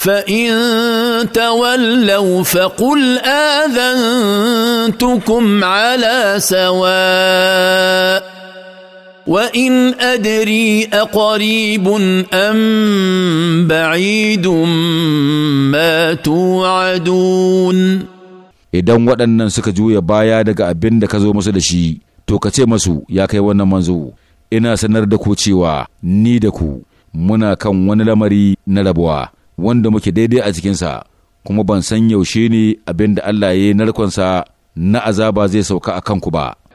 فان تولوا فقل اذنتكم على سواء وان ادري اقريب ام بعيد ما توعدون idan waɗannan suka juya baya daga abin da ka zo musu da shi to ka ce masu ya kai wannan manzo ina sanar da ku cewa ni da ku muna kan wani lamari na rabuwa wanda muke daidai a cikinsa kuma ban san yaushe ne abin da Allah ya yi narkonsa na azaba zai sauka a kanku ba.